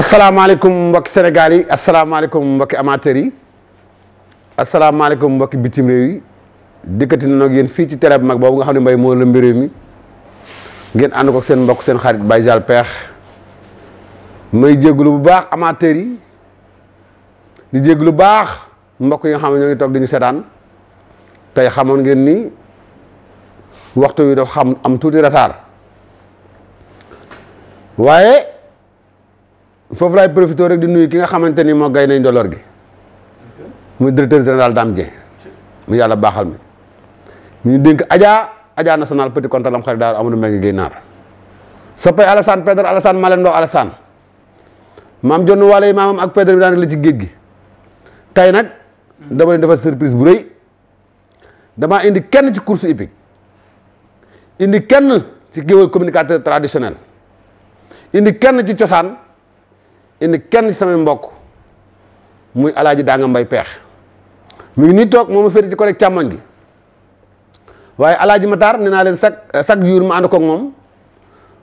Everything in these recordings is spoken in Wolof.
asalaamaaleykum mbokki Sénégal yi asalaamaaleykum mbokki amateurs yi asalaamaaleykum mbokki bitim réew yi dikkati na nag yéen fii ci télé bu mag boobu nga xam ne mbay moo lëmbi réew mi ngeen ànd ko seen mbokk seen xarit Baye jaal Peex may jégalu bu baax amateurs yi di jégalu bu baax mbokk yi nga xam ne ñoo ngi toog di ñu seetaan tey xamoon ngeen ni waxtu wi dafa xam am tuuti retard. waaye foofu laay profité rek di nuyu ki nga xamante ni moo gay nañ dolor gi muy directeur général Dame Dieng mu yàlla baaxal mi mu ñu dénk Adja Adja national petit compte lam xarit daal amul ma ngi génnaar soppay Alassane Pedre Alassane Malendo Alassane maam jonn waale yi ak Pedre bi daan la ci géej gi tey nag hmm. dama leen defal surprise bu rëy damaa indi kenn ci course hippique indi kenn ci géwél communicateur traditionnel indi kenn ci cosaan indi kenn ci samay mbokk muy alaaji daa mbay peex mu ngi nii toog moom ma féete ci ko rek càmmoñ gi waaye alaaji mataar nee naa leen chaque euh, chaque jour ma ànd koog moom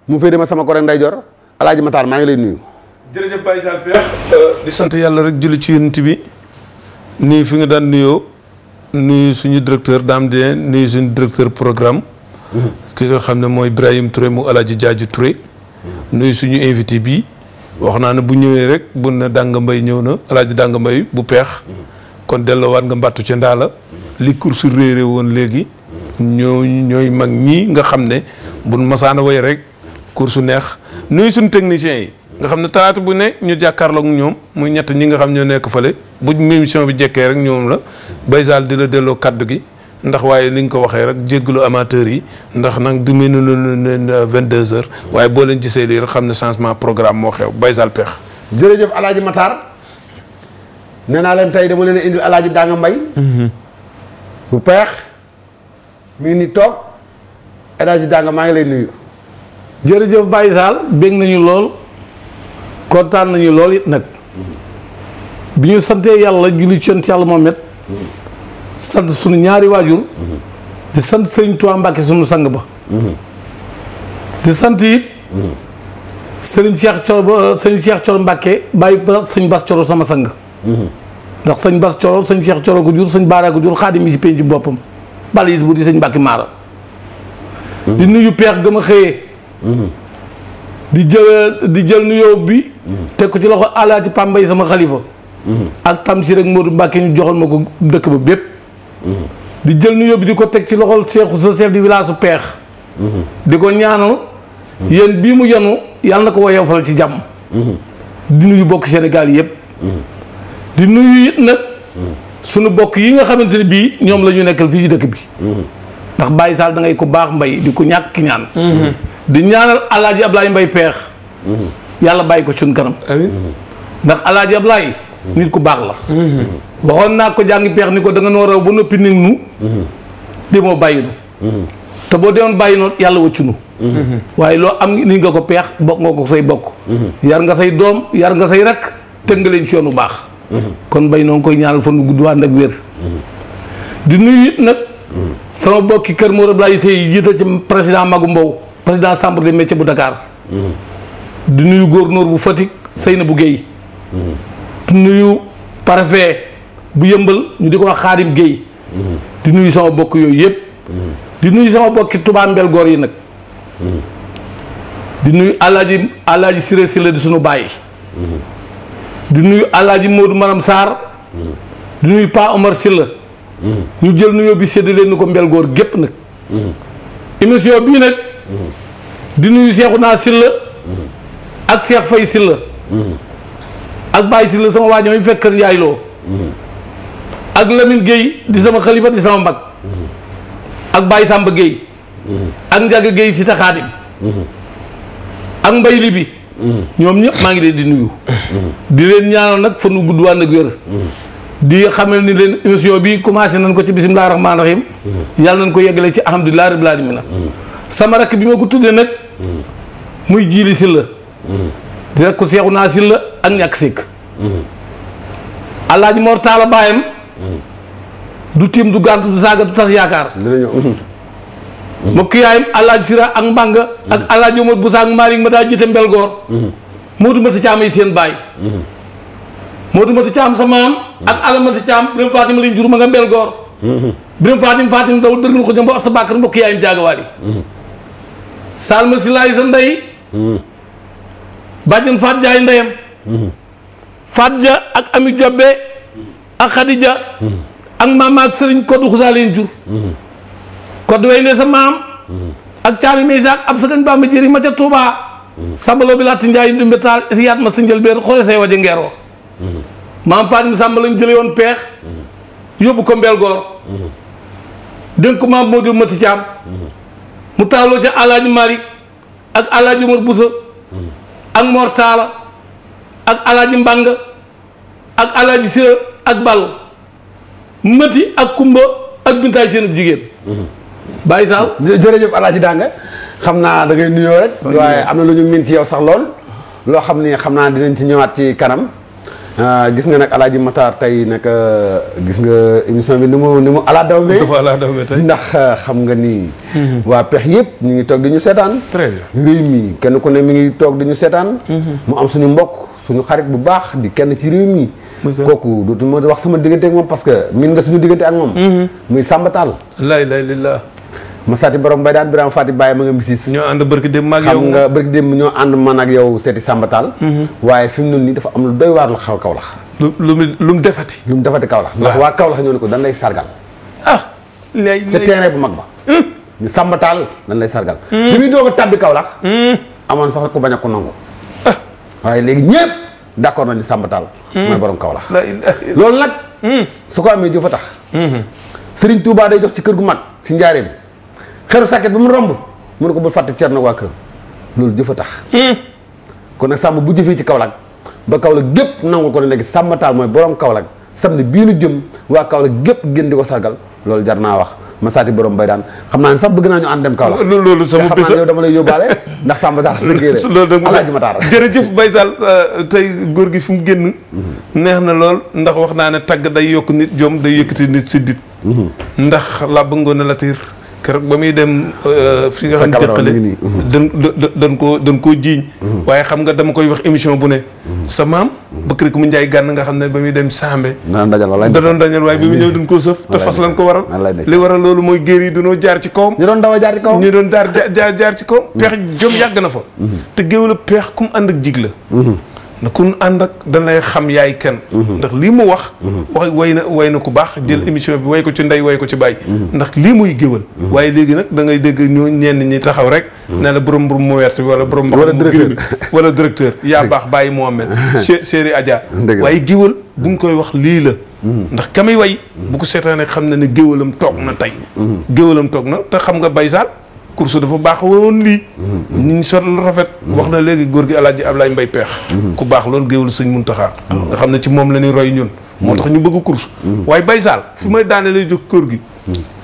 mu féete ma sama ko rek ndeyjoor alaaji mataar maa ngi lay nuyu jërëjëf Baye Sall Peex euh, di sant yàlla rek julli ci yonent bi nii fi nga daan nuyoo nuyu suñu directeur Dame Dieng nuyu suñu directeur programme mm-hmm. ki nga xam ne mooy Ibrahim Touré mu alaaji Jaaju Touré nuyu suñu invité bi wax naa ne bu ñëwee rek bu ne dàng mbay ñëw na alaaji dàng mbay bu peex kon delloo waat nga mbattu ci ndaa la li course réere woon léegi ñoo ñooy mag ñii nga xam ne buñ masaana way rek course neex nuy suñu techniciens yi nga xam ne talaata bu ne ñu jàkkaarloog ñoom muy ñett ñi nga xam ñoo nekk fële bu émission bi jekkee rek ñoom la Baye di la delloo kaddu gi ndax waaye ni nga ko waxee rek jéggalu amateur yi ndax nag du mel ni vingt deux heures waaye boo leen gisee lii rek xam ne changement programme moo xew bay sal peex jërëjëf alaaji Matar nee naa leen tey dama leen indil alaaji Danga Mbay mhm. bu peex mi ngi ni toog alaaji Danga maa ngi lay nuyu jërëjëf Baye Sall bég nañu lool kontaan nañu lool it nag bi ñu santee yàlla julli ci yàlla Muhammad mhm. sant sunu ñaari waajur di sant sëriñ Tuubaa Mbàkke sunu sang ba di sant it sëriñ Cheikh Coro sëriñ Cheikh Coro Mbàkke bàyyi ba sëñ Bas Coro sama sang ndax sëñ Bas Coro sëñ Cheikh Coro ko jur sañ baaraako ko jur xaadim yi ci penc boppam bal it bu di sëñ Mbàkke Maara di nuyu peex gëm a xëyee di jël di jël nuyoo bi teg ko ci loxo Alaaji Pambay sama xalifa ak Tamsir ak Modou Mbàkke ñu joxoon ma ko dëkk ba bépp di jël nuyoo bi di ko teg ci loxol seexu sa chef du village su peex di ko ñaanal yéen bii mu yenu yàlla na ko woyofal ci jàmm di nuyu bokk Sénégal yëpp di nuyu it sunu bokk yi nga xamante ne bii ñoom la nekkal fii ci dëkk bi ndax Baye Sall da ko baax mbay di ko ñàkk ñaan di ñaanal alaaji Ablaye Mbay peex yàlla bàyyi ko suñ kanam ndax alaaji Ablaye nit ku baax la. waxoon naa ko jàngi peex ni ko danga nga noo raw ba noppi nit ñu. demoo bàyyi te boo demoon bàyyi noonu yàlla wëccu nu. waaye loo am ni nga ko peex bokk nga ko say bokk. yar nga say doom yar nga say rakk tëng nga leen ci yoonu baax. kon bay noo noonu koy ñaanal fan gudd ànd ak wér. di nuyu it nag. sama bokki kër moo Abdoulaye Seye yi jiital ci président Magu Mbow président chambre des métiers bu Dakar. di nuyu gouverneur bu sëy na bu géey nuyu parfait bu yëmbal ñu di ko wax xaadim géey di nuyu sama bokk yooyu yëpp di nuyu sama bokki Touba Mbel Goor yi nag di nuyu alaaji alaaji Siré Silla di suñu bàyyi di nuyu alaaji Modou Maram Sarr di nuyu Pa Omar Silla ñu jël nuyoo bi sédd leen ni ko Mbel Goor gépp nag émission bii nag di nuyu Seexuna Silla ak Seex Fay Silla ak Baye Sylla sama waa ñooy fekk kër Ndiaye Lo ak Lamine Gueye di sama xalifa di sama mag ak Baye Samba Gueye ak Ndiaga Gueye si bi ak Mbay bi ñoom ñëpp maa ngi leen di nuyu di leen ñaanal nag fan wu gudd waan ak wér di xamal ni leen émission bi commencé nañ ko ci bisimilah rahmaani rahim yàlla nañ ko yeggale ci alhamdulilah rabbil alamin sama rakk bi ma ko tuddee nag muy jiili Sylla di rek seexu naa Sylla ak ñàkk sikk alaaji Mor Talla baayam du tiim du gànt du saaga du tas yaakaar mbokki yaayam alaaji sira ak mbanga ak alaaji Omar Boussa ak Malick ma daa jiite mbelgoor Modou Mata Thiam ay seen baay Modou Mata Thiam sa maam ak alamata Thiam Birame Fatim lañ jur ma nga mbelgoor Birame Fatim Fatim daw dërgal ko jëm ba sa bàkkar mbokki yaayam jaagawaali salma si laay sa ndey bàjjan faat jaay ndeyam Fadja ak Ami Jobbe ak Khadija ak maam ak sëriñ Koddu Xusaa leen jur Koddu wey ne sa maam ak caani Meysaak ab sëriñ Bamba jëri ma ca Tuubaa sambaloo bi laata njaay yu dumbe taal si yaat ma sa njëlbeen xoole say waje ngeer wa maam Fatim Sàmba lañ jële woon peex yóbbu ko mbel goor dénk maam moo di mati caam mu taaloo ca alaaji Mari ak alaaji Umar Busa ak Mor Taala ak alaaji mbàng ak alaaji sira ak ball mëti ak kumba ak bintaay seen jigéen bàyyi saal jërëjëf alaaji danga xam naa da ngay nuyoo rek waaye am na lu ñu min ci sax lool loo xam ni xam naa dinañ ci ñëwaat ci kanam ah, gis nga nag alaaji Matar tey nag ah, gis nga émission bi ni mu ni mu ala daw be ndax ah, xam nga nii mhm. waa pex yëpp mu ngi toog di ñu seetaan très bien kenn ku ne mi ngi toog di ñu seetaan mhm. mu am suñu mbokk suñu xarit bu baax di kenn ci réew mi. kooku dootu ma wax sama diggante ak moom parce que min nga suñu diggante ak moom. Mm-hmm. muy Samba Tall. la ilaha illallah. Masati borom bay daan Birame Fati Baye ma nga misis. ñoo ànd ma ak yow xam nga barki démb ñoo ànd man ak mm-hmm. nii dafa am lu doy waar la xaw Kaolack. lu lu lu mu defati. lu mu defati Kaolack. ndax waa Kaolack ñoo ne ko dañ lay sargal. ah. lay lay te terrain bu mag ba. ñu mm. Samba Tall dañ lay sargal. Mm. bi muy doog a tàbbi Kaolack. Mm. amoon sax ko bañ a ko nangu. waaye léegi ñëpp d'accord nañu Samba Tall. Hmm. mooy borom kaw la. loolu nag. Hmm. su ko amee jëfa tax. Hmm. Serigne Touba day jox ci kër gu mag si njaareem xeru sàkket bi mu romb mu ne ko bul fàtte Cerno waa kër loolu jëf a tax. kon nag Samba bu jëfee ci Kaolack ba Kaolack gépp nangul ko ne léegi Samba Tall mooy borom Kaolack samedi bii nu jëm waa kawla gépp gën di ko sargal loolu jar naa wax. ma saati borom bay daan xam naa ne sax bëgg naa ñu ànd dem kaw la loolu sama bis yow dama lay yóbbaale ndax Samba Taar loolu Alaaji Mataar jërëjëf Baye Sall euh, tey góor gi fu mu génn mhm. neex na lool ndax wax naa ne tagg day yokk nit jom day yëkkati nit siddit mhm. ndax la ngoon a la tiir keroog ba muy dem euh, fi nga xam déqale dan dan koo dan koo jiiñ mm-hmm. waaye xam nga dama koy wax émission bu ne mm-hmm. sa maam bëkkëri ko mu njaay gànn nga xam ne ba muy dem sambe da doon dajal waaye bi mu ñëw dañ koo sëf te fas lan ko waral li waral loolu mooy géer yi dunoo jaar ci kawam ñu doon jaar jaar jaar ci kawam mm-hmm. peex jom yàgg na fa te géew la peex ku ànd ak jig la na kun ànd ak danay xam yaay kenn mhm. ndax lii mu wax mhm. wax way na way na ku baax jël mhm. émission bi way ko ci ndey way ko ci bàyyi ndax lii muy géwal waaye léegi nag da ngay dégg ñu ñenn ñi taxaw rek ne la borom borom mu wert bi wala borom borom mu gën bi wala directeur yaa baax bàyyi Mohamed Chéri Adja waaye géwal bu nga koy wax lii la ndax kamay way bu ko seetaanee xam na ne géwalam toog na tey géwalam toog na te xam nga Baye course dafa baax woon lii ñu ngi sol lu rafet mm-hmm. wax na léegi góor gi alaaji lay mbay Peex mm-hmm. ku baax loolu géewul mun Muntaxa mm-hmm. nga xam ne ci moom la ñuy roy ñun moo tax ñu bëgg course waaye Baye Sall fi may daane lay jóg gi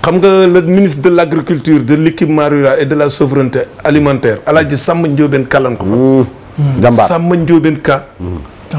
xam nga le ministre de l' agriculture de l' équipement rural et de la souveraineté alimentaire alaaji Samba Ndiobène Ka lan ko fa jàmbaar Samba Ndiobène Ka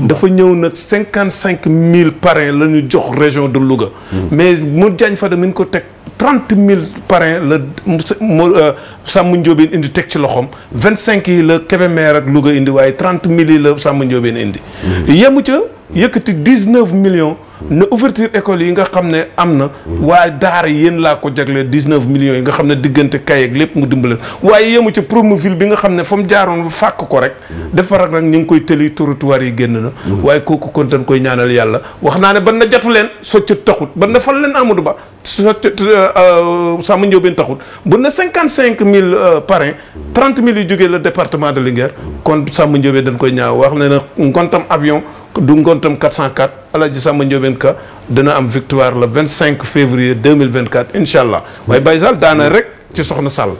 dafa ñëw nag cinquante cinq mille parrain la ñu jox région de Louga mais mu jaañ fa da min ko teg trente mille parrains la euh, Samba Ndiobène indi teg ci loxoom vingt cinq yi la Kébémer ak Louga indi waaye trente mille yi la Samba Ndiobène indi. Mm-hmm. yemu ca yëkkati dix neuf million na ouverture école yi nga xam ne am na. waaye daara yéen laa ko jagleel dix neuf million yi nga xam ne diggante kay ak lépp mu dimbale waaye yemu ca promoville bi nga xam ne fa mu jaaroon fàkk ko rek. defar ak nag ñu ngi koy tëli trottoir yi génn na. waaye kooku kon dañ koy ñaanal yàlla wax naa ne ban na jatu leen socc taxut ban na fal leen Amadou Ba socc euh, Samba Ndiobène taxut bu na cinquante cinq mille euh, parrain trente mille yu jógee département de Linguère kon Samba Ndiobène dañ koy ñaaw wax ne na ngontam avion. du ngontam 404 ji sama Ndiobène Ka dana am victoire le 25 février 2024 incha allah waaye Baye Sall daana rek ci soxna Sall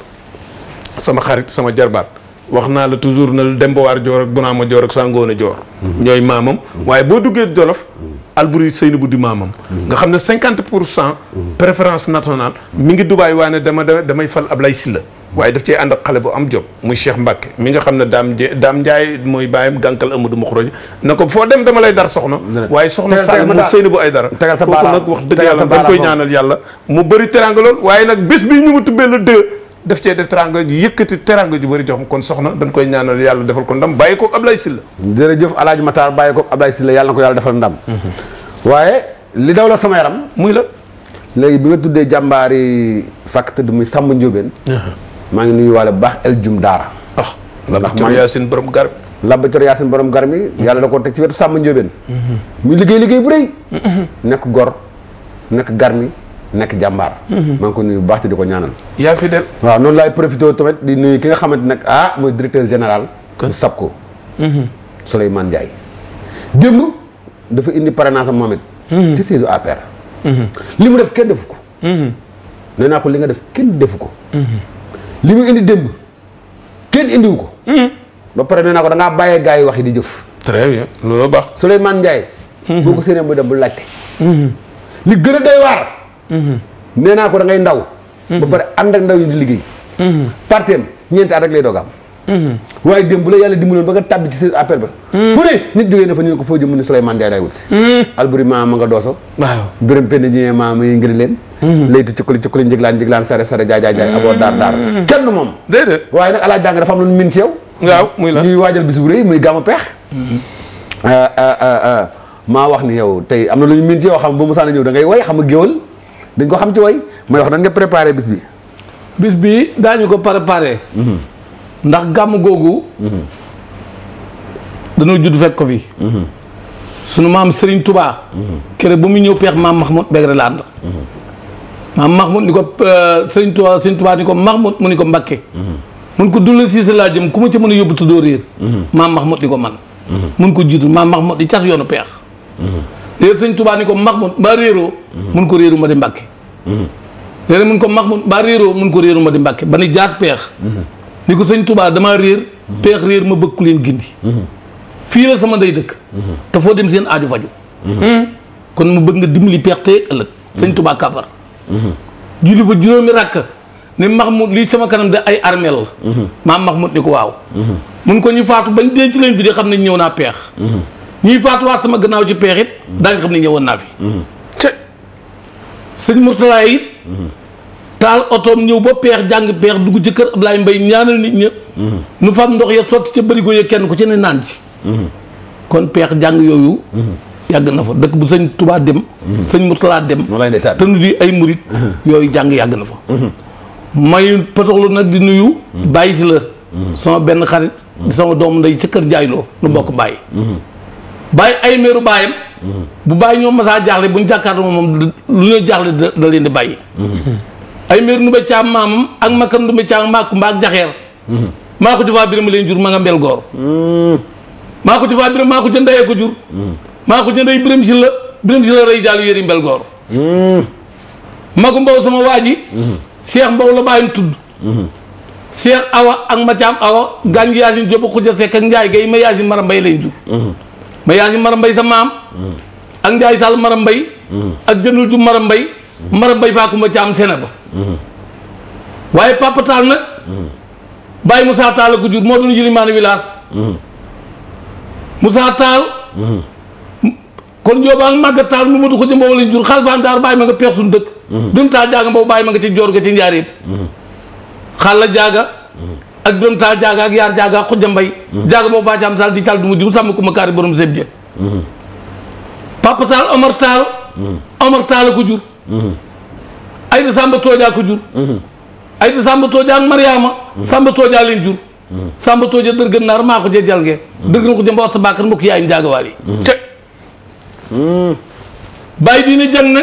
sama xarit sama jarbaat wax naa la toujours na dembowaar joor ak bunaama joor ak sangoona joor ñooy maamam waaye boo duggee jolof Alburi Seyni bu di maamam nga xam ne cinquante pour cent préférence nationale mi ngi Dubaay waane dama damay fal Ablaye Sylla waaye daf cee ànd xale bu am job muy Cheikh Mbacke mi nga xam ne daam daam Ndiaye mooy bàyyam gànkal Amadou Mokhroji na ko foo dem dama lay dar soxna waaye soxna Sall mu sëy na bu ay dara kooku nag wax dëgg yàlla dañ koy ñaanal yàlla mu bëri teranga lool waaye nag bés bi ñu ma tubbee la deux daf cee def teranga yëkkati teranga ju bari jox kon soxna dañ koy ñaanal yàlla defal ko ndam bàyyi ko Ablaye Sylla jërëjëf Alaaji Matar bàyyi ko Ablaye Sylla yàlla na ko yàlla defal ndam mm-hmm. waaye li daw la sama yaram muy la léegi bi nga tuddee jàmbaari fàkk tëdd muy Samba Ndiobène uh-huh. maa ngi nuyuwaale bu baax El Jum Daara. ah laboratoire Yacine borom garab. laboratoire Yacine borom garab yi. Mhm. yàlla da ko teg ci wetu sàmm Ndiobène. Mhm. muy liggéey liggéey bu rëy. Mhm. nekk gor nekk garmi nekk jàmbaar. maa ngi ko nuyu bu baax te di ko ñaanal. yaa fi waaw noonu laay profité tamit di nuyu ki nga xamante nag ah mooy directeur général. kon SAPCO. Souleymane Ndiaye. démb dafa indi parrainage am moom it. te saison APR. li mu def kenn defu ko. nee naa ko li nga def kenn defu ko. li mu indi démb kenn indiwu ko. Hmm. ba pare nee naa ko dangaa bàyyee gars yi wax yi di jëf. très bien loolu baax. Souleymane Ndiaye. Hmm. boo ko séenee mu dem bu laajte. Hmm. li gën a doy waar. nee naa ko da ngay ndaw. ba pare ànd ak ndaw yi di liggéey. parteem ñeenti at rek lay doog am. Mm-hmm. waaye démb bu la yàlla dimbaloon ba nga tàbbi ci sa appel ba. Mm-hmm. fu ne nit jógee na fa ñu ne ko foo jëm mu ne Souleymane Ndiaye laay wut si. Mm-hmm. alburi maama nga dooso. waaw gërëm penn ñee maama yi ngir leen. layti cukkali cukkali njëglaan moom. déedéet waaye nag alaaj jàng dafa am lu min ci yow. waaw muy la ñuy waajal bis bu rëy muy gàmmu peex. Ah, ah, ah, maa wax ni yow tey am na lu ñu min ci yow xam ba mu saan ñëw da ngay way xam nga géwal dañ ko xam ci way may wax nan nga préparé bis bi. bis bi daañu ko préparé. ndax gàmm googu. dañoo juddu fekk ko fi. sunu maam sëriñ tubaa kere ba mu ñëw peex maam Mahmoud Begre la ànd. maam Mahmoud ni ko euh, Serigne Touba Serigne Touba ni ko Mahmoud mu ni ko Mbakke. mun ko dula siise laa jëm ku ma ca mën a yóbbu tuddoo réer. maam Mahmoud ni ko man. mun ko jiitu maam Mahmoud di cas yoonu peex. réer Serigne Touba ni ko Mahmoud mbaa réeroo. mun ko réeru ma di Mbakke. léeg mun ko Mahmoud baa réeroo mun ko réeru ma di Mbakke ba ni jaar peex. ni ko sëñ tubaa damaa réer peex réer ma bëgg ku leen gindi fii la sama ndey dëkk te foo dem seen aaju faju kon mu bëgg nga dimbali peex te ëllëg sëñ tubaa kàbbar julli fa juróomi rakk ne Mahmoud lii sama kanam da ay armeel la maam Mahmoud ni ko waaw mun ko ñu faatu bañ denc leen fi di xam ne ñëw naa peex ñuy faatuwaat sama gannaaw ci peex it daañ xam ne ñëwoon naa fi sëñ Mourtala it taal otoom ñëw ba peex jàng peex dugg ci kër Ablaye Mbaye ñaanal nit ña. nu fab ndox ya sotti ca bërigo ya kenn ku ci ne naan ci. kon peex jàng yooyu. yàgg na fa dëkk bu sëñ tubaa dem. sëñ talaat dem. te nu di ay murit. yooyu jàng yàgg na fa. may potoxlu nag di nuyu. bàyyi si la. sama benn xarit. di sama doom nday ca kër Ndiaye loo nu bokk bàyyi. bàyyi ay meeru baayam. bu bàyyi ñoom masaa jaaxle bu ñu jàkkaarloo moom lu ñu jaaxle da leen di bàyyi. ay meer nu ba maamam ak makam nu ba caam maak jaxeer mhm. maa ko ci faa biram leen jur ma nga mbel goor mhm. maa ko faa biram maa ko jëndayee ko jur mhm. maa ko biram si la rey jaalu yëri mbel goor magu mbaw sama waa ji seex mbaw la bàyyam tudd seex awa ak macaam awa gaañ yaasin jóob xuja sekk ak njaay gay ma yaasin mara lañ jur ma yaasin mara sa maam ak njaay sall mara ak jëndul ju mara mbay mara caam sene ba waaye Papa Tall nag. Baye Moussa Tall ko jur moo doon yilimaanu wilaas. Moussa Tall. kon Njóobaan Màgga Tall mu Madu Xuja Mbow lañ jur xalfaan daar bàyyi ma nga peex suñu dëkk. Dun Tall jaaga Mbow bàyyi ma nga ci joor ga ci njaareen. xàlla jaaga. ak Dun Tall jaaga ak yaar jaaga ak Xuja Mbay. jaaga Mbow faa caam Tall di Tall du mu sàmm ku kaari borom sëb ja. Papa Tall Omar Tall. Omar Tall ko jur. Ayda Samba Toojaa ko jur. Ayda Samba Toojaa ak Mariama. Samba Toojaa leen jur. Samba Toojaa dërgën naar maa ko jee jalge. dëgg na ko jëm ba waxtu baakar mbokk yaayum jaagawaar yi. te. Baye Dina Dieng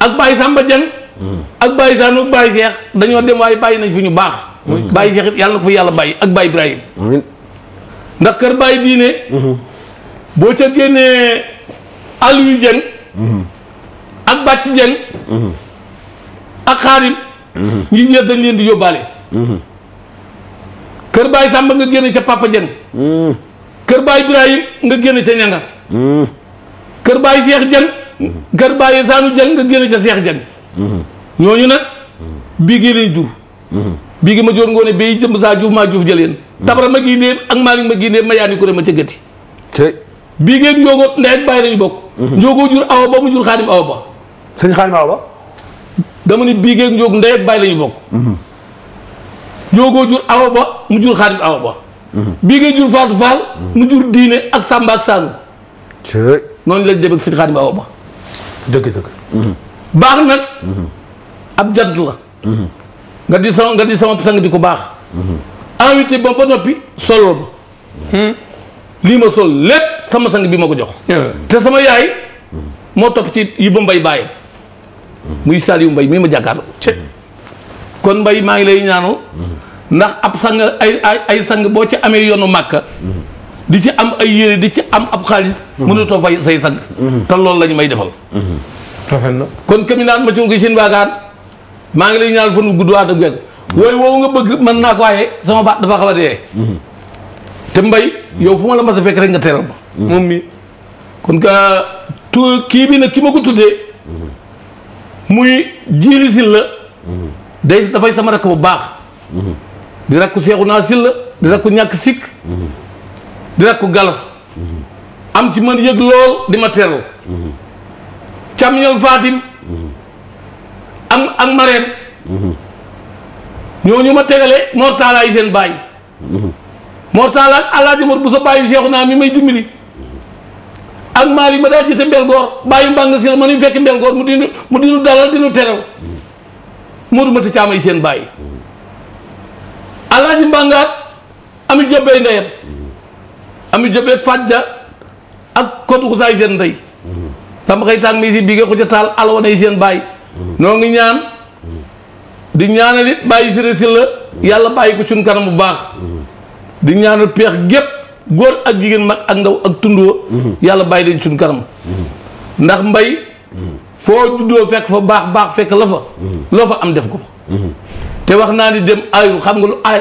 ak Baye Samba Dieng. ak Baye Sanu ak Baye Cheikh dañoo dem waaye bàyyi nañ fi ñu baax. Baye Cheikh it yàlla na ko fi yàlla bàyyi ak Baye Ibrahim. ndax kër Baye Diine. boo ca génnee yu Dieng. Mm-hmm. ak Bàcc Dieng. Mm-hmm. ak xaadim ñi ñëpp dañ leen di yóbbaale kër Baay Sàmba nga génn ca Papa Jeng kër Baay Ibrahim nga génn ca ñanga kër Baay Seex Jeng kër Baay Saanu Jeng nga génn ca Seex Jeng ñooñu nag bii gi leen jur bii gi ma joor ngoone bay jëmb saa juuf maa juuf jëleen tabara ma gii néeb ak maalik ma gii néeb ma yaani ko ma ca gëti bii géeg njoogoo ndey ak bàyyi lañu bokk mhm. njoogoo jur awa ba mu jur xaadim awa ba sëñ xaadim awa dama ni bii geeg njóog ndey ak baay la ñu bokk. njóogoo jur awa mu jur xaarit awa ba. jur faatu faal. mu jur diine ak sàmba ak saanu. noonu lañ demee ak sëñ xaarit awa ba. dëgg dëgg. baax nag. ab jant la. nga di sama nga di sama sang di ko baax. invité ba ba noppi solol ma. lii ma sol lépp sama sang bi ma ko jox. te sama yaay moo topp ci yi ba mbay bàyyi. muy Saliou Mbaye mii ma jàkkaarloo. kon mbay maa ngi lay ñaanal. ndax ab sang ay ay sang boo ci amee yoonu màkka. di ci am ay yére di ci am ab xaalis. mënutoo fay say sang. te lool lañu may defal. na kon kami naan ma ci ngi seen waagaan maa ngi lay ñaanal fan wu gudd waa dëgg yàlla. wooyu woowu nga bëgg man naa ko waaye sama baat dafa xaw a te mbay yow fu ma la mas a fekk rek nga teral ma. moom mi kon ka euh, tu kii bi nag ki ma ko tuddee. muy jiili silla mhm. day dafay sama rakk bu baax mhm. di rakku seexu naa silla di rakku ñàkk sikk mhm. di rakku galas am ci man yëg lool di ma teral cam ñoom Fatim am ak Marème ñoo ñu ma tegale Mortala yi seen baay Mortala ak Alaaji Mor bu sa baayu seexu naa mi may dimbali ak Malick ma daa jiite mbel goor bàyyi mbàng si la ma nuy fekk mbel goor mu dinu mu dinu dalal dinu teral Modou Mati Thiam ay seen bàyyi alaaji mbàngaat ami jobey ndeyam ami jobee fàjja ak kotu xusaay seen ndey sama xëy tàng mi si bii nga ko ca taal alwana yi seen bàyyi noo ngi ñaan di ñaanal it bàyyi séré si yàlla bàyyi ko suñ kanam bu baax di ñaanal peex gépp góor ak jigéen mag ak ndaw ak tundoo mhm. yàlla bàyyi leen suñ kanam mhm. ndax mbay mhm. foo juddoo fekk fa baax baax fekk la fa loo fa am def ko fa te wax naa ni dem ayul xam nga lu aay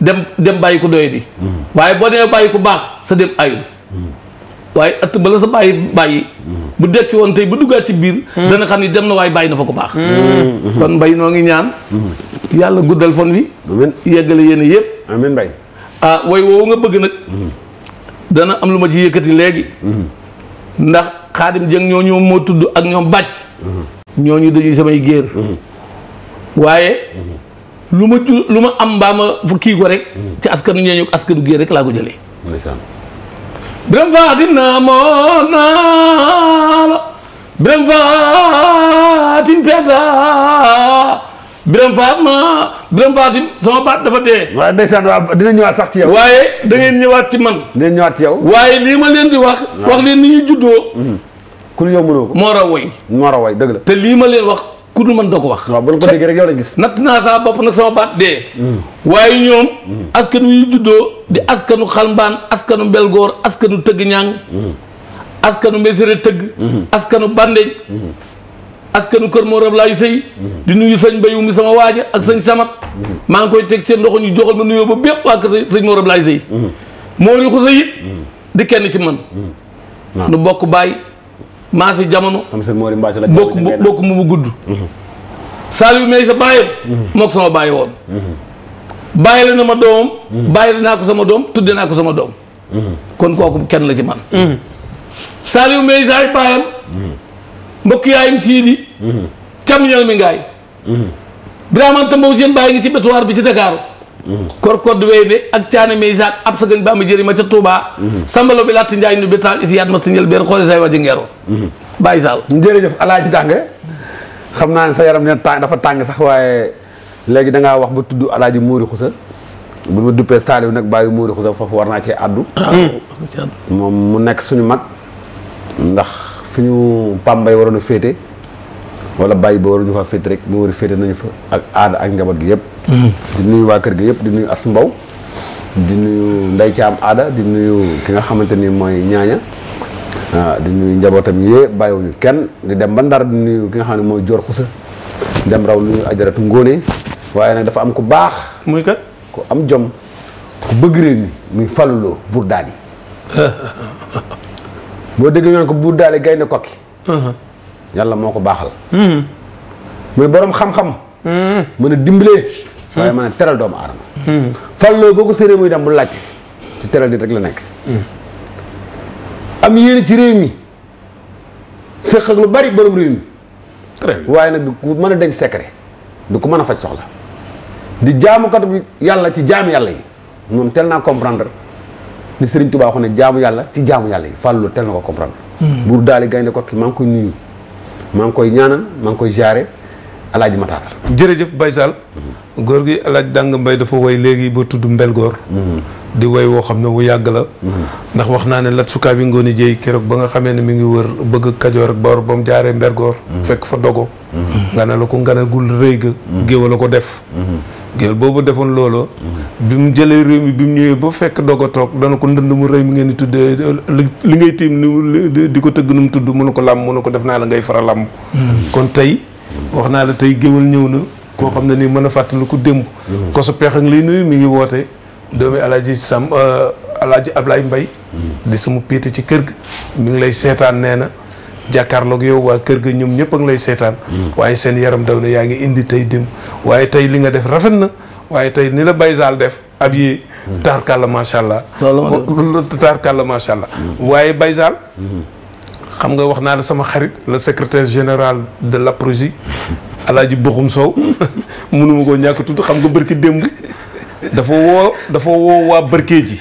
dem dem bàyyi ko doye di waaye boo demee bàyyi ko baax sa dem ayul waaye at ba la sa bàyyi bàyyi bu dekki woon tey bu duggaat ci biir dana xam ni dem na waaye bàyyi na fa ko baax kon mbay noo ngi ñaan yàlla guddal fon wi yeggale yéene yëpp amiin mbay ah way woowu nga bëgg nag hmm. dana am lu ma ci yëkkati léegi hmm. ndax xaadim jëng ñoo ñoom moo tudd ak ñoom bàcc hmm. ñooñu dañuy samay géer waaye lu ma ju lu ma am mbaa ma fu ko rek ci askanu ñeeñu askanu géer rek laa ko jëlee biram faati naamoon naa la biram faati pedda Birame Faat ma Birame Fatim sama baat dafa dee. waaw ndeysaan dina ñëwaat sax ci yow. waaye da ngeen ñëwaat ci man. dina ñëwaat ci yow. waaye lii ma leen di wax. wax leen ni ñuy juddoo. Hmm. ku yow mënoo ko. moo raw way. moo raw way dëgg la. te lii ma leen wax ku lu man doo ko wax. waaw bu ko déggee rek yow la gis. natt naa saa bopp nag sama baat dee. Hmm. waaye ñoom. Hmm. askan wi juddoo di askanu xalmbaan askanu mbelgoor askanu tëgg ñaang. askanu mesere tëgg. askanu bandeñ. askanu kër moo rab laayu sëy di nuyu sëñ Mbaye mi sama waaj ak sëñ Samat maa ngi koy teg seen loxo ñu joxal ma nuyoo ba bépp waa kër sëñ moo rab laayu sëy moo ni xusa di kenn ci man nu bokk bàyyi maa si jamono bokk bokk mu mu gudd mm-hmm. Saliou may sa bàyyam mm-hmm. mook sama bàyyi woon mm-hmm. bàyyi la na ma doomam bàyyi la naa ko sama doom tuddee naa ko sama doom kon kooku kenn la ci man Saliou may saay bàyyam mbokk yaayam siidi cam mhm. ñalmi ngaay mhm. biraamanta mbow seen bàyyi ngi ci bétuwaar bi ci Dakar mhm. kor kodd wey ne ak caane may ab sa gën ba ama jëri ma ca Touba sambalo bi laata njaay nu bétaal isi yaat ma si ñël benn xoole say waji ngeero bàyyi sall jërëjëf alaaji tànge xam naa ne sa yaram ne tàng dafa tàng sax waaye léegi da ngaa wax ba tudd alaaji muuri xusa bu ma duppee Saliou nag bàyyi muuri xusa foofu ah, war naa cee addu moom mu nekk suñu mag ndax fi ñu pàmbay waroon a féete wala bàyyi ba waroon ñu faa féete rek mu war a féete nañu fa ak aada ak njaboot gi yëpp hmm. di nuyu waa kër gi yëpp di nuyu as mbaw di nuyu nday am aada di nuyu ki nga xamante ni mooy ñaaña ah, di nuyu njabootam yee bàyyiwuñu kenn di dem ba ndar di nuyu ki nga xam ne mooy joor xusa dem raw lu nuyu ajaratu ngóone waaye nag dafa am ku baax muy kat ku am jom ku bëgg réew muy falluloo bur daal yi boo déggee ñoon ko buur daale gaynde kokki uh-huh. yàlla moo ko baaxal mm-hmm. muy borom xam-xam mm-hmm. mën a dimbalee waaye mën a teral doomu aadama mm-hmm. fàlloo boo ko sérée muy dem bu laaj ci teral nit rek la nekk am yéene ci réew mi sëq ak lu bari borom réew mi waaye nag du ku mën a denc secret du ko mën a faj soxla di jaamukat bi yàlla ci jaam yàlla yi moom tel naa comprendre li Serigne Touba waxoon ne jaamu yàlla ci jaamu yàlla yi fàllu tel na ko comprendre. Hmm. buur daali gaynde ko maa ngi koy nuyu maa ngi koy ñaanal maa ngi koy jaare alaaji Matar. jërëjëf Baye Sall. Hmm. góor gi alaaj Dàng Mbay dafa woy léegi ba tudd Mbel Góor. Hmm. di woy woo xam ne wu yàgg la. ndax wax naa ne lat sukaa bi ngooni jéy keroog ba nga xamee ne mi ngi wër bëgg Kajoor ak Bawor ba mu jaaree Mbel Góor. fekk fa dogo. nga ne la ko nga ne gul rëy ga. géew la ko def. géwél boobu defoon loolu bi mu jëlee réew mi bi mu ñëwee ba fekk doog a toog dana ko ndënd mu rëy mu ngeen di tuddee li ngay tiim ni di ko tëgg nu mu tudd mënu ko làmb mënu ko def naa la ngay fara làmb kon tey wax naa la tey géwél ñëw na koo xam ne nii mën a fàttali ko démb ko sa peex ak lay nuyu mi ngi woote doomi alaaji sam euh, alaaji Ablaye Mbay di sama piété ci kër gi mi ngi lay seetaan nee na jàkkaarloog yow waa kër ga ñoom ñëpp a lay seetaan hmm. waaye seen yaram daw na yaa ngi indi tey dem waaye tey li nga def rafet na waaye tey ni la Baye def ab yi hmm. taarkàlla macha allah taarkàlla macha allah hmm. waaye Baye xam nga wax naa la sama xarit la secretaire général de l'APROSI alaaji Boxum Sow mënuma koo ñàkk tudd xam nga bërki démb dafa woo dafa woo waa bërkee ji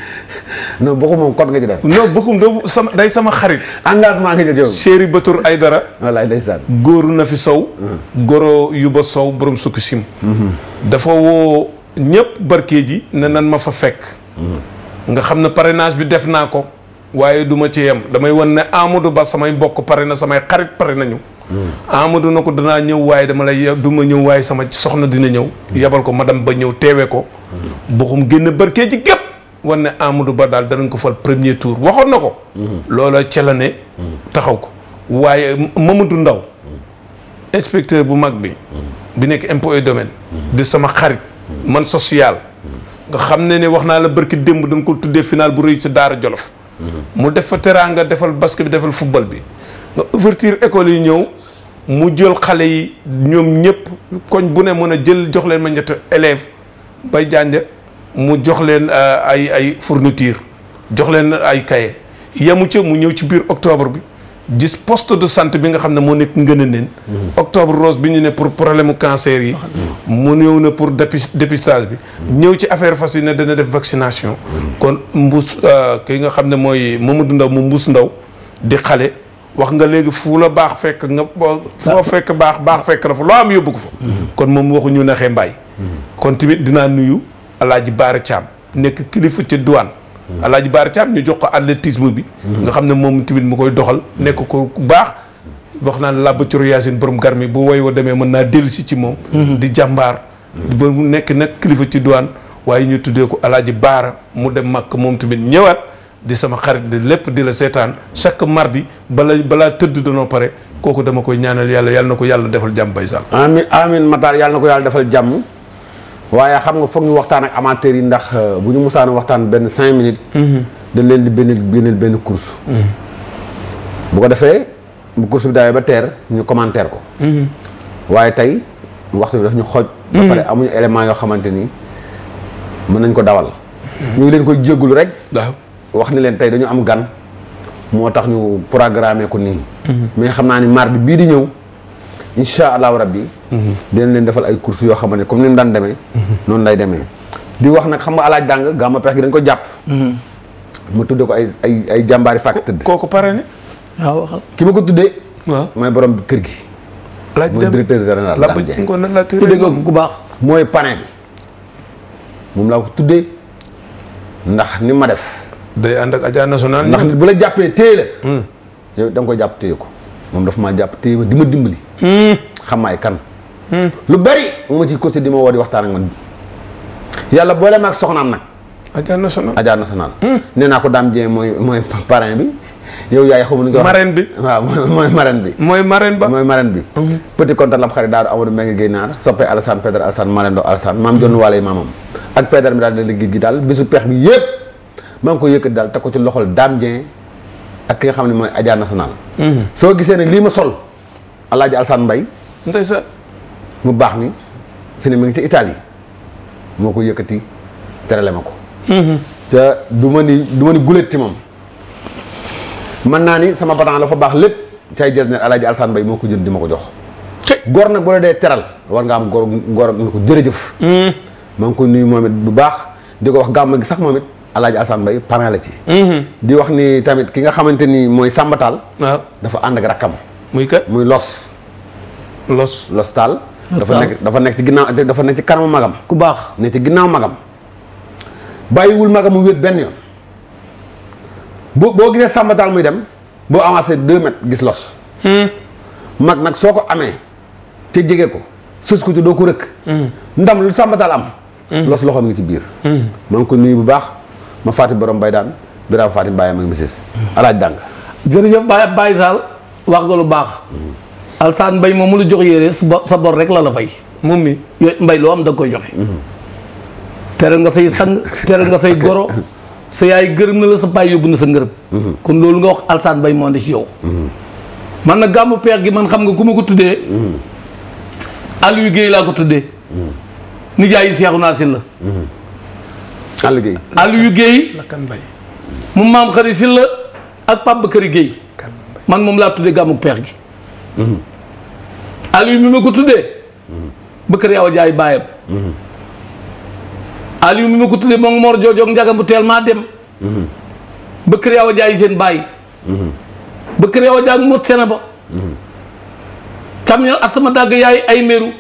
non bokkul moom code nga ci def. non bokkul doo sama day sama xarit. engagement nga ci jëm. chéri Batour Aydara. wallaay ndeysaan. góoru na fi sow. Mm. goro yu ba sow borom sukk sim. Mm-hmm. dafa woo ñëpp barkee ji ne nan ma fa fekk. Mm. nga xam ne parrainage bi def naa ko. waaye duma ma ci yem damay wan ne Amadou Ba samay mbokk pare na samay xarit pare nañu. Mm. Amadou na ko danaa ñëw waaye dama lay du ma ñëw waaye sama soxna dina ñëw. yebal ko ma madame ba ñëw teewee ko. boxum génn barkee gépp wan ne Amadou Ba daal danañ ko fal premier tour waxoon na ko. Mhm. loola ca la ne. Mhm. taxaw ko waaye Mamadou Ndaw mhm. inspecteur bu mag bi. bi nekk impôt domaine. di sama xarit. man social. nga xam ne ne wax naa la barki démb dañ ko tuddee final bu rëy ci Daara Jolof. mu def fa teraanga defal basket bi defal football bi. nga ouverture école yi ñëw mu jël xale yi ñoom ñëpp koñ bu ne mën a jël jox leen ma ñett élève bay jànja mu jox leen euh, ay ay fourniture jox leen ay cahier yamu ca mu ñëw ci biir octobre bi gis poste de sant bi nga xam ne moo nekk ngën neen mm-hmm. octobre rose bi ñu ne pour problème mu cancer yi mm-hmm. mu ñëw na pour dépistage bi mm-hmm. ñëw ci affaire fas yi ne dana def vaccination kon mbuus euh, ki nga xam ne mooy Mamadou Ndaw mu mbuus ndaw di xale wax nga léegi fu la baax fekk nga foo ah. fekk baax baax fekk la fa loo am yóbbu ko fa kon moom waxu ñu naxee mbaay kon tamit dinaa nuyu alaaji Baara Thiam nekk kilifa ca douane mm-hmm. alaaji Baara Thiam ñu jox ko athlétisme bi mm-hmm. nga xam ne moom tamit mu koy doxal nekk ko ku baax wax naa làbb coro yaasin borom garmi bu woy wa demee mën naa si ci moom mm-hmm. di jàmbaar ba mu nekk nag kilifa ci douane waaye ñu tuddee ko alaaji Baara mu dem màkk moom tamit ñëwaat di sama xarit di lépp di la seetaan chaque mardi bala balaa tëdd danoo pare kooku dama koy ñaanal yàlla yàlla na ko yàlla defal jàmm bay sàll amin amin waaye xam nga foog ñu waxtaan ak amateurs yi ndax euh, bu ñu musaan waxtaan benn cinq minutes. Mm-hmm. dañ leen di benn benn benn course. Mm-hmm. bu ko defee bu course bi daawee ba teer ñu commentaire ko. Mm-hmm. waaye tey waxtu bi daf ñu xooj. ba pare amuñu élément yoo xamante ni mën nañ ko dawal. ñu ngi leen koy jégalu rek. wax ni leen tey dañu am gan. moo tax ñu programmer ko nii. mais xam naa ni mardi bii di ñëw. incha allahu rabbi dinañ leen defal ay course yoo xam ne comme ni mu daan demee noonu lay demee di wax nag xam nga alaaj dàng gàmma pex gi dañ ko jàpp ma tudde ko ay ay ay jàmbaari fàkk tëdd kooku pare ne waaw ki ma ko tuddee waaw mooy borom kër gi mooy directeur général la tudde ko ku baax mooy parrain bi moom laa ko tuddee ndax ni ma def day ànd ak national ndax nit bu la jàppee téye la hmm. yow da ko jàpp téye ko moom dafa ma jàpp téye di ma dimbali. Hmm. xam maay kan. Hmm. lu bari mu ma ci côté di ma woo di waxtaan ak man yàlla boole ma ak soxnaam nag. Adja National Adja National. Hmm. nee naa ko Dame Dieng mooy mooy parrain bi. yow yaay xamuñu ko marraine bi waaw mooy marraine bi. mooy marraine ba mooy marraine bi. petit kontaan lam xarit daal Amadou Mbengue Guèye Naar soppe Alassane Pedre Alassane Marendo Alassane maam John Waale maamam. ak Pedre bi daal di liggéey gi daal bisu peex bi yëpp maa ngi ko yëkkati daal teg ko ci loxol Dame Dieng ak ki nga xam ne mooy Adja National. Mhm. soo gisee nag lii ma sol El Hadj mbay Mbaye. ndeysaan. mu baax ni fi ne mi ngi ci Italie moo ko yëkkati terale ma ko. Mhm. te du ma ni du ma ni ci moom. mën naa ni sama bataan la fa baax lépp cay des ne El Hadj mbay moo ko jënd di ma ko jox. gor nag bu dee teral war nga am gor gor na ko jërëjëf. Mhm. maa ngi ko nuyu moom it bu baax di ko wax gàmm gi sax moom it. alaaj Alaaji Assane Mbaye parent la ci. Mhm. di wax ni tamit ki nga xamante ni mooy Samba dafa ànd ak rakkam. muy kat muy Los. Los Los Tall. dafa nekk dafa nekk ci ginnaaw dafa nekk ci kanamu magam. ku baax ne ci ginnaaw magam. bàyyiwul magam mu wéet benn yoon. boo boo gisee Samba muy dem boo avancé deux mètres gis Los. Hmm. mag nag soo ko amee te jege ko sës ko ci doo ko rëkk. Hmm. ndam lu Samba am. Hmm. Los loxoom ngi ci biir. maa ko nuyu bu baax. ma Fatim borom bay daan biraam Fatim bàyyi ma misis alaaj dàng jërëjëf Baye Baye Sall wax nga lu baax alsaan mbay moom mu lu jox yére sa bor rek la la fay moom mi yooyu mbay loo am da koy joxe teral nga say sang teral nga say goro sa yaay gërëm na la sa baay yóbbu na sa ngërëm kon loolu nga wax alsaan mbay moo ne ci yow man na gàmbu peex gi man xam nga ku ma ko tuddee Aliou Guèye laa ko tuddee nijaayu Seexu Naasin la Aliou Guèye Aliou Guèye mu maam xari si la ak Pape Bakary Guèye man moom laa tuddee gàmmuk peex gi mhm. Aliou mi ma ko tuddee mhm. Bakary Awa Jaay baayam mhm. Aliou mi ma ko tuddee moom Mor Joojoog Njaga bu teel maa dem Bakary Awa Jaay seen baay Bakary Awa Jaay mot sena ba camion asama dàgg yaay ay meru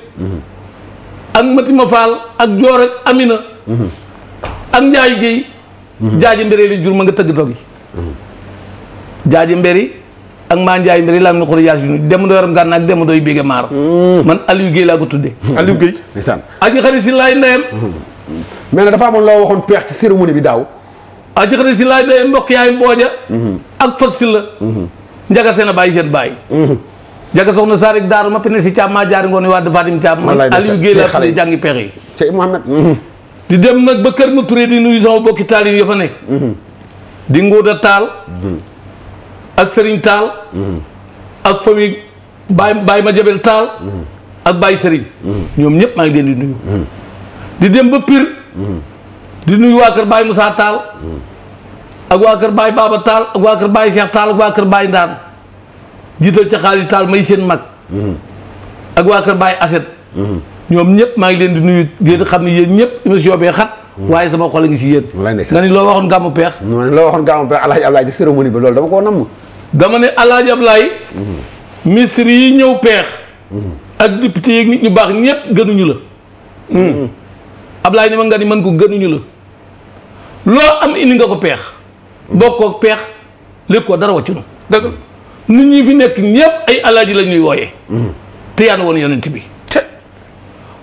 ak Matima Fall ak Joor ak Amina ak njaayu géey mhm. jaaji mbéri li jur ma nga tëgg dog yi mhm. jaaji mbéri ak maa njaayi mbéri laa na xol yaas bi nu demandoo yaram gànn ak demandooy bége maar mhm. man Aliou Guèye laa ko tudde Aliou Guèye ndeysaan aji xari si laay ndeyam na dafa amoon loo na bàyyi seen bàyyi jaga soxna ma pene si maa jaari ngoon waa dafatim caam man Aliou Guèye laa tudde jàngi peex yi di dem nag ba kër ma turé di nuyu sama bokki taal yi fa nekk di Ngóoda Taal ak sëriñ Taal ak famille Baye Baye ma jabel Taal ak Baye Serigne ñoom ñëpp maa leen di nuyu di dem ba Pire di nuyu waa kër Baye Moussa Taal ak waa kër Baye Baba Taal ak waa kër Baye Cheikh Taal ak waa kër Baye Ndaan jiital ca xaalis Taal may seen mag ak waa kër Baye Aset ñoom ñëpp maa ngi leen di nuyu ngeen xam ne yéen ñëpp émission bee xat waaye sama xol a ngi si yéen nga ni loo waxoon gàmmu peex loo waxoon gàmmu peex alaaji ablaay di cérémonie bi loolu dama koo namm dama ne alaaji ablaay ministre yi ñëw peex ak député yi ñu baax ñëpp gënuñu la hmm. ablaay ni ma nga ni man ko gënuñu la loo am indi nga ko peex bokkoo peex léegi ko dara wàccunu dëgg nit ñi fi nekk ñëpp ay alaaji la ñuy wooyee hmm. te yaan woon yonent bi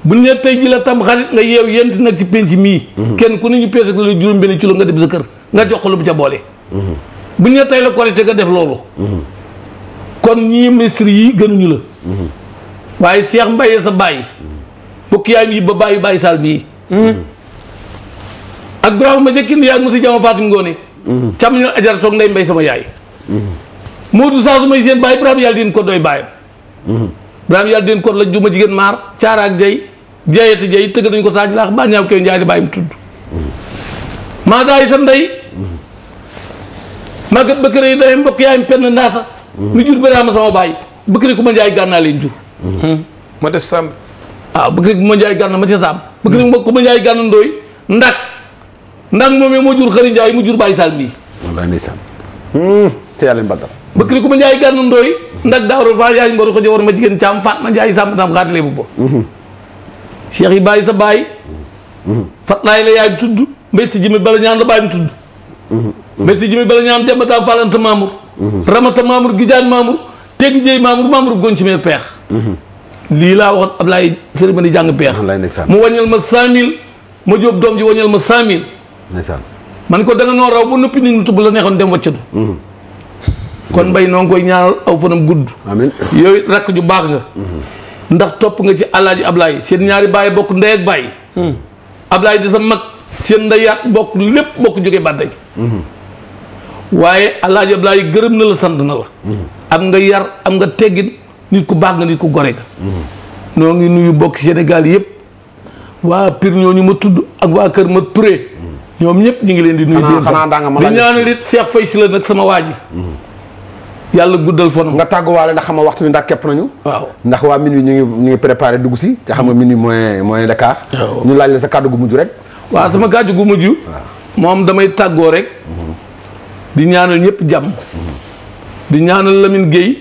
bu ñu nee tey ji la tam xarit nga yeew yent nag ci penc mii. Mhm. kenn ku ne ñu peese ko juróom benn kilo nga dem sa kër nga jox ko lu bu ca boole. Mhm. bu ñu nee tey la korite nga def loolu. Mhm. kon ñii ministre yi gënuñu la. waaye Cheikh Mbaye sa bàyyi. fukki yaay yi ba bàyyi bàyyi saal bii. ak ma ca Kinde yaa ngi monsieur Diama Fatim ngoone càmm ñoo ajara toog nday mbay sama yaay. Modou saa su ma seen bàyyi Birahima yàlla deen ko doy bàyyam. Birahima yàlla deen ko la juma jigéen maar caara ak jay jayati jay tëgg nañ ko saaj laax baa ñaaw koy njaay di bàyyim tudd maa daay sa ndey màggat bëkkëre yi day mbokk yaayam penn naata lu jur baraama sama baay bëkkëre ku ma njaay gànnaa leen jur ma des sàmm waaw ah, bëkkëre ku ma njaay gànna ma ca sàmm bëkkëre ku ma ndooy ndak ndak moomee moo jur xëri njaay mu jur bàyyi sàll mii wallaay ndeysaan te yàlla mbadal bëkkëre ku ma njaay gànna ndooy ndak hmm, daawro fa yaay ma jigéen caam faat ma njaay sàmm sam xaatilee bu bo cheikh yi bàyyi sa bàyyi. Mm-hmm. fatlaay la yaay bi tudd mbéy si jëmmi bala ñaan la bàyyi bi tudd. Mm-hmm. mbéy si jëmmi bala ñaan Demba Tall Falanta Mamour. Mm-hmm. Ramata Mamour Gijaan Mamour Teggi Jéy Mamour Mamour Goncimee Peex. lii laa waxoon Ablaye Sëriñ ma di jàng peex. mu wàññil ma 100000 ma jóob doom ji wàññil ma 100000. ndeysaan man ko da nga raw ba noppi nit ñi tubb la neexoon dem wàccatu. kon mbay noo ngi koy ñaanal aw fanam gudd. amiin yooyu rakk ju baax nga. ndax topp nga ci alaaji Ablaay seen ñaari baay bokk ndey ak baay hmm. Ablaay di sa mag seen ndeyaat bokk lépp bokk jóge bàddañ hmm. waaye alaaji Ablaay gërëm na la sant na la hmm. am nga yar am nga teggin nit ku baax nga nit ku gore nga noo ngi nuyu bokki Sénégal yëpp waa piir Pire ñu ma tudd ak waa Kër ma Touré ñoom ñëpp ñu ngi leen di nuyu di ñaanal it Cheikh Faye si la nag sama waa ji yàlla guddal fan nga tàgguwaale ndax xam nga waxtu bi ndax képp nañu waaw ndax waa min wi ñu ngi ñu ngi préparé dugg si te xam nga min wi moyen moyen Dakar ñu laaj la sa kàddu gu mujj rek waa sama kàddu gu mujj moom damay tàggoo rek di ñaanal ñépp jàmm di ñaanal Lamine Gueye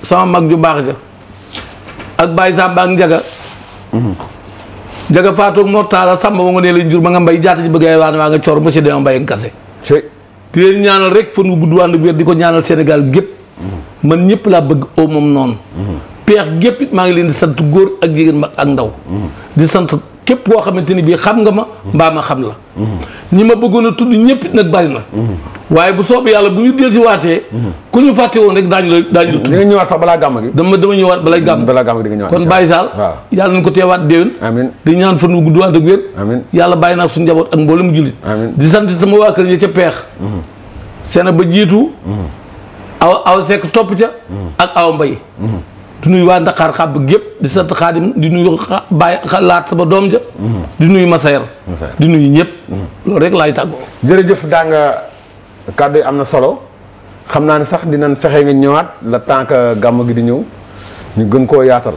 sama mag ju baax ja ak Baye Samba ak Njaga Njaga Fatou a Samba ba nga ne lañ jur ma nga mbay jaata ci bëgg ay waan waa nga coor monsieur Demba Mbaye Nkase di leen ñaanal rek fan wu gudd wànd wér di ko ñaanal senegal gépp man ñëpp laa bëgg oo moom noonu mm-hmm. peex gépp maa ngi leen di sant góor ak jigéen mag ak ndaw mm-hmm. di sant képp koo xamante ni bii xam nga ma mbaa ma xam la ñi ma bëggoon a tudd ñëpp nag bari na waaye bu soobee yàlla bu ñu dellusi waatee ku ñu fàtte woon rek daañu la daañu la ñëwaat sax balaa gàmm gi dama dama ñëwaat balay gàmm balaa gàmm gi di nga ñëwaat kon Baye Sall waaw yàlla nañ ko teewaat déwén di ñaan fan wu gudd ànd ak wér yàlla bàyyi naa su njaboot ak mboolem jullit amiin di sant sama waa kër ñi ca peex seen ba jiitu mm-hmm. aw aw sekk topp ca mm-hmm. ak aw mbay mm-hmm. di nuyu waa Dakar xàbb gépp di sant xaadim di nuyu bàyyi laat doom ja di nuyu Masayer di nuyu ñëpp loolu rek laay tàggoo jërëjëf daa nga kàddu yi am na solo xam naa ne sax dinañ fexe nga ñëwaat la temps que gàmm gi di ñëw ñu gën koo yaatal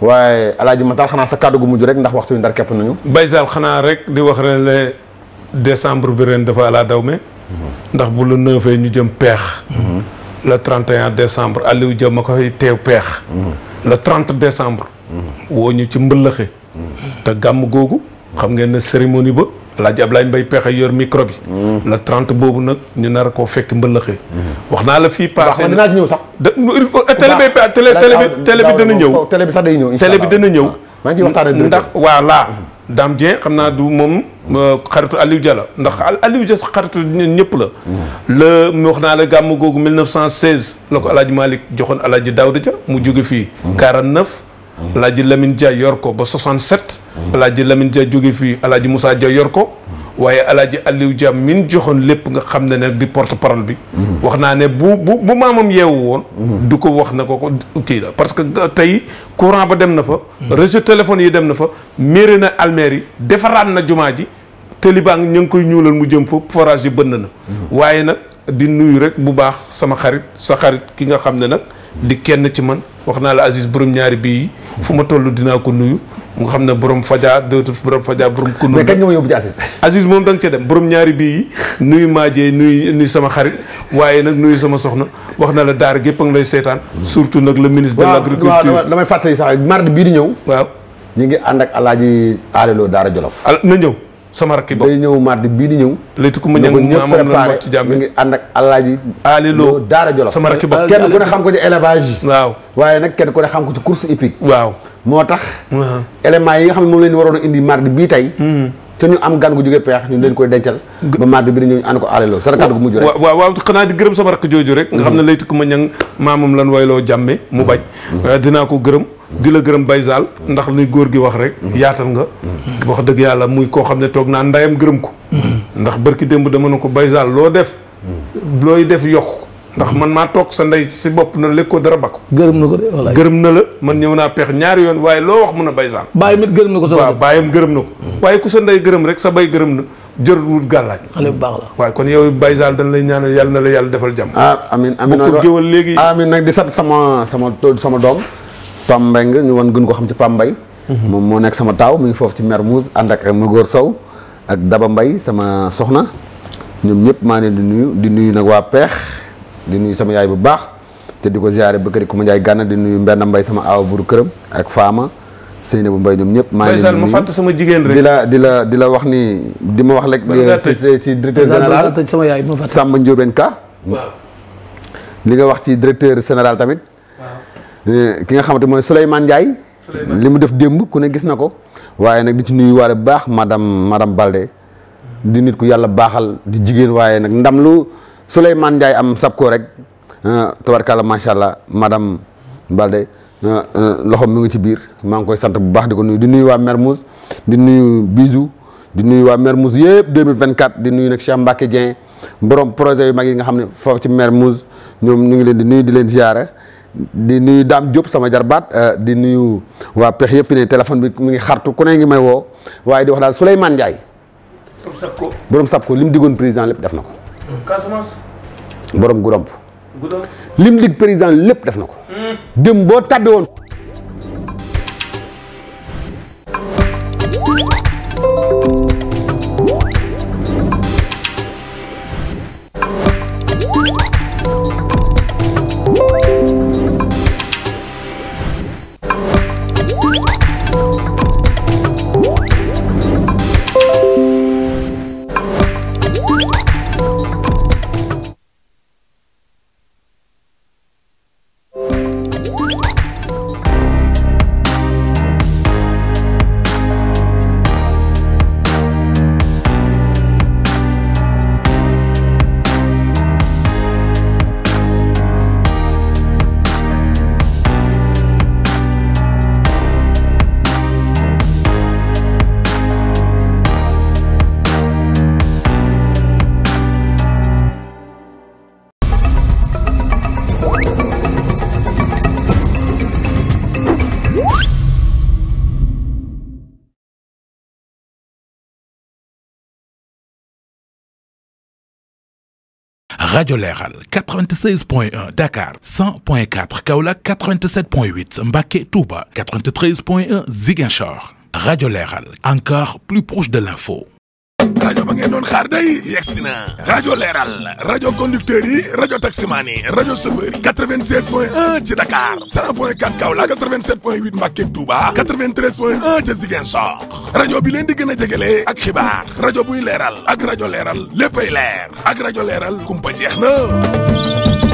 waaye alaaji Matar xanaa sa kàddu gu mujj rek ndax waxtu wi ndar kepp nañu baysal xanaa rek di wax ne le décembre bi ren dafa ala daw me mhm. ndax bu lu neufee ñu jëm peex mhm. le 31 décembre Aliou Dia ma koy teew peex mm. le 30 décembre mm. woo ñu ci mbëllëxe mm. te gàmm googu xam ngeen ne cérémonie ba laaj Ablaye Mbaye peex yor micro bi le 30 boobu nag ñu nar a koo fekk mbëllëxe wax naa la fii passé naa ñëw sax télé bi télé bi télé ñëw tele bi sax day ñëw télé bi dana ñëw ah, maa ngi waxtaan ndax waa laa Dame Dieng xam naa du moom Euh, xaritu Aliou la ndax Aliou Dia sax xaritu ñun ñëpp la. la mu wax naa la gàmm googu 1916 la ko El Hadj Malick joxoon El Hadj Daouda mu jóge fii. 49. El Hadj Dia yor ko ba 67. El Hadj Lamine Dia jóge fii El Hadj Moussa yor ko. waaye El Hadj min joxoon lépp nga xam ne nag di porte parole bi. wax naa ne bu bu bu maamam yeewu woon. du ko wax na ko ko kii la parce que euh, tey courant ba dem na fa. réseau téléphone yi dem na fa. mairie na almeer yi defaraat na jumaa ji. tëlibaa ñu ngi koy ñuulal mu jëm foofu forage yi bënn na waaye nag di nuyu rek bu baax sama xarit sa xarit ki nga xam ne nag di kenn ci man wax naa la Aziz borom ñaari bii yi fu ma toll dinaa ko nuyu nga xam ne borom faja dootul borom faja borom kunu mais kañ nga ma yóbbu ci Aziz Aziz moom da nga dem borom ñaari bii yi nuyu maajee nuy nuyu sama xarit waaye nag nuyu sama soxna wax na la daara gépp a lay seetaan surtout nag le ministre de l'agriculture damay fàttali sax mardi bii di ñëw waaw ñu ngi ànd ak alaaji Alelo Daara Jolof na ñëw sama rakk bopp day ñëw mardi bii di ñëw. lay tukku ma ñëw maamam la jàmm mi ngi daara jolof sama rakk bopp ku xam ko ci waaw waaye nag kenn ku ne xam ko ci course waaw moo tax. Uh-huh. éléments yi nga xam ne moom la ñu waroon a indi mardi mm-hmm. gan leen koy dencal ba bi ñu ànd ko alelo sa rakk gu mujj rek waaw xam ne mm-hmm. lay tukku ma ñang maamam lan wayloo jàmme mu bañ mm-hmm. uh, dinaa ko gërëm di la gërëm Baye ndax ni góor gi wax rek yaatal nga wax dëgg yàlla muy koo xam ne toog naa ndayam gërëm ko ndax bërki démb dama na ko Baye loo def looy def yokk ndax man maa toog sa ndey si bopp na lekkoo dara bakko gërëm na ko de walaay gërëm la man ñëw naa peex ñaari yoon waaye wax mun a Baye Sall bàyyi mit gërëm na ko sa waaw bàyyam gërëm na ko waaye ku sa ndey gërëm rek sa bay gërëm na jërul wut gàllaaj xale baax waaye kon yow Baye Sall lay ñaanal yàlla na la yàlla defal jàmm ah amiin amiin ko géwal léegi amiin nag di sant sama sama sama doom Pam Mbengue nga ñu wan gën ko xam ci Pam Mbaye mhm. moom moo nekk sama taaw mi ngi foofu ci Mermoz ànd ak Magor Sow ak Daba mbay sama soxna ñoom ñëpp maa di nuyu di nuyu nag waa Peex di nuyu sama yaay bu baax te di ko ziare ba kër ku ma njaay gànna di nuyu mbenn mbay sama aaw buru këram ak Faama Seyna bu Mbay ñoom ñëpp maa ngi leen sama jigéen rek la di la di la wax ni di ma wax rek ci directeur général sama yaay ma fàtte Samba Ndiobène Ka li nga wax ci directeur général tamit Eh, ki nga xam xamante mooy Souleymane Ndiaye. li mu def démb ku ne gis na ko. waaye nag di ci nuyu waale bu baax madame madame Balde. di nit ku yàlla baaxal di jigéen waaye nag ndam lu Souleymane Ndiaye am sab ko rek eh, tabarkalla macha allah madame Balde eh, loxo mu ngi ci biir maa ngi koy sant bu baax di ko nuyu di nuyu waa Mermoz di nuyu Bijou di nuyu waa Mermoz yëpp 2024 di nuyu nag Cheikh Mbacke Dieng borom projet yu mag yi nga xam ne foofu ci Mermoz ñoom ñu ngi leen di nuyu di leen ziara di nuyu Dame Diop sama jarbaat euh, di nuyu waa pex yëpp téléphone bi mu ngi xartu ku ne ngi may woo waaye di wax daal Souleymane Ndiaye. borom Sapko borom Sapko li mu diggoon président lépp def na ko. Hmm, Casamance. borom Goudomp. Goudomp digg président lépp def na ko. dem hmm. boo tabbi woon. rajo point 96.1 Dakar 100.4 Kaolack 87.8 Mbacké Touba 93.1 Ziguinchor rajo Leral encore plus proche de l'info rajo ba ngeen doon xaar day yegsi na rajo leeral rajo conducteur yi rajo taximaan yi rajo chauffeur yi 96 point 1 ci Dakar 100 point 4 Kaolack 87 point 8 Mbacké Touba 93 point 1 ca Ziguinchor rajo bi leen di gën a jegele ak xibaar rajo buy leeral ak rajo leeral léppay leer ak rajo leeral kumpa jeex na